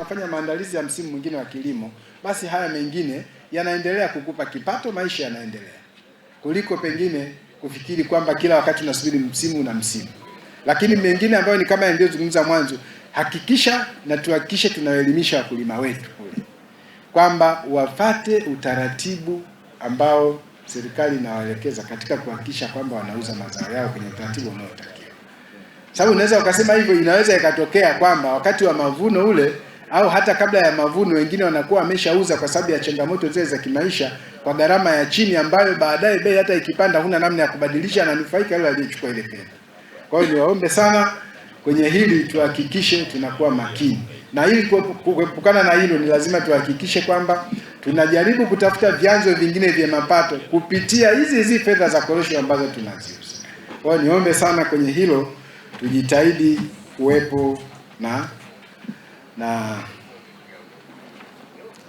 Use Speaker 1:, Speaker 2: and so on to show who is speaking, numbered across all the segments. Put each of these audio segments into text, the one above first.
Speaker 1: unafanya maandalizi ya msimu mwingine wa kilimo, basi haya mengine yanaendelea kukupa kipato, maisha yanaendelea, kuliko pengine kufikiri kwamba kila wakati unasubiri msimu na msimu. Lakini mengine ambayo ni kama niliyozungumza mwanzo, hakikisha na tuhakikishe tunawaelimisha wakulima wetu kule kwamba wafate utaratibu ambao serikali inawaelekeza katika kuhakikisha kwamba wanauza mazao yao kwenye utaratibu unaotakiwa. Sababu unaweza ukasema hivyo, inaweza ikatokea kwamba wakati wa mavuno ule au hata kabla ya mavuno, wengine wanakuwa wameshauza kwa sababu ya changamoto zile za kimaisha kwa gharama ya chini, ambayo baadaye bei hata ikipanda huna namna ya kubadilisha, na nufaika yule aliyechukua ile fedha. Kwa hiyo niwaombe sana kwenye hili tuhakikishe tunakuwa makini, na ili kuepukana na hilo, ni lazima tuhakikishe kwamba tunajaribu kutafuta vyanzo vingine vya mapato kupitia hizi hizi fedha za korosho ambazo tunaziuza. Kwa hiyo niombe sana kwenye hilo tujitahidi kuwepo na na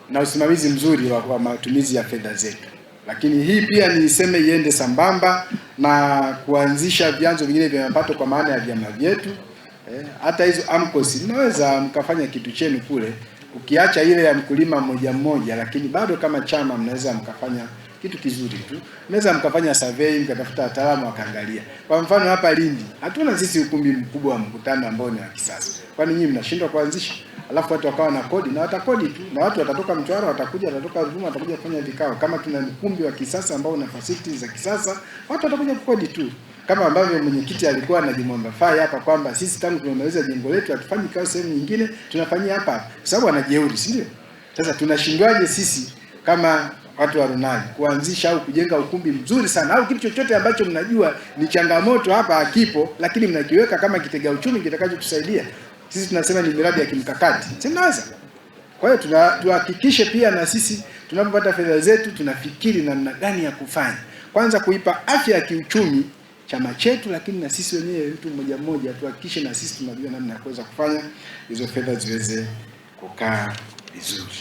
Speaker 1: na usimamizi mzuri wa, wa matumizi ya fedha zetu. Lakini hii pia niiseme iende sambamba na kuanzisha vyanzo vingine vya mapato kwa maana ya vyama vyetu eh, hata hizo AMCOS mnaweza mkafanya kitu chenu kule, ukiacha ile ya mkulima mmoja mmoja, lakini bado kama chama mnaweza mkafanya kitu kizuri tu. Naweza mkafanya survey mkatafuta wataalamu wakaangalia. Kwa mfano hapa Lindi, hatuna sisi ukumbi mkubwa wa mkutano ambao ni wa kisasa. Kwa nini nyinyi mnashindwa kuanzisha? Alafu watu wakawa na kodi na watakodi tu, na watu watatoka Mtwara, watakuja, watatoka Ruvuma, watakuja kufanya vikao. Kama tuna ukumbi wa kisasa ambao una facilities za kisasa, watu watakuja kukodi tu kama ambavyo mwenyekiti alikuwa anajimwomba fai hapa kwamba sisi tangu tumemaliza jengo letu hatufanyi kazi sehemu nyingine, tunafanyia hapa, kwa sababu anajeuri, si ndio? Sasa tunashindwaje sisi kama watu wa Runai kuanzisha au kujenga ukumbi mzuri sana au kitu chochote ambacho mnajua ni changamoto hapa akipo, lakini mnakiweka kama kitega uchumi kitakachotusaidia sisi. Tunasema ni miradi ya kimkakati, si mnaweza? Kwa hiyo tuna, tuhakikishe pia na sisi tunapopata fedha zetu tunafikiri namna gani ya kufanya, kwanza kuipa afya ya kiuchumi chama chetu, lakini na sisi wenyewe mtu mmoja mmoja tuhakikishe na sisi tunajua namna ya kuweza kufanya hizo fedha ziweze kukaa vizuri.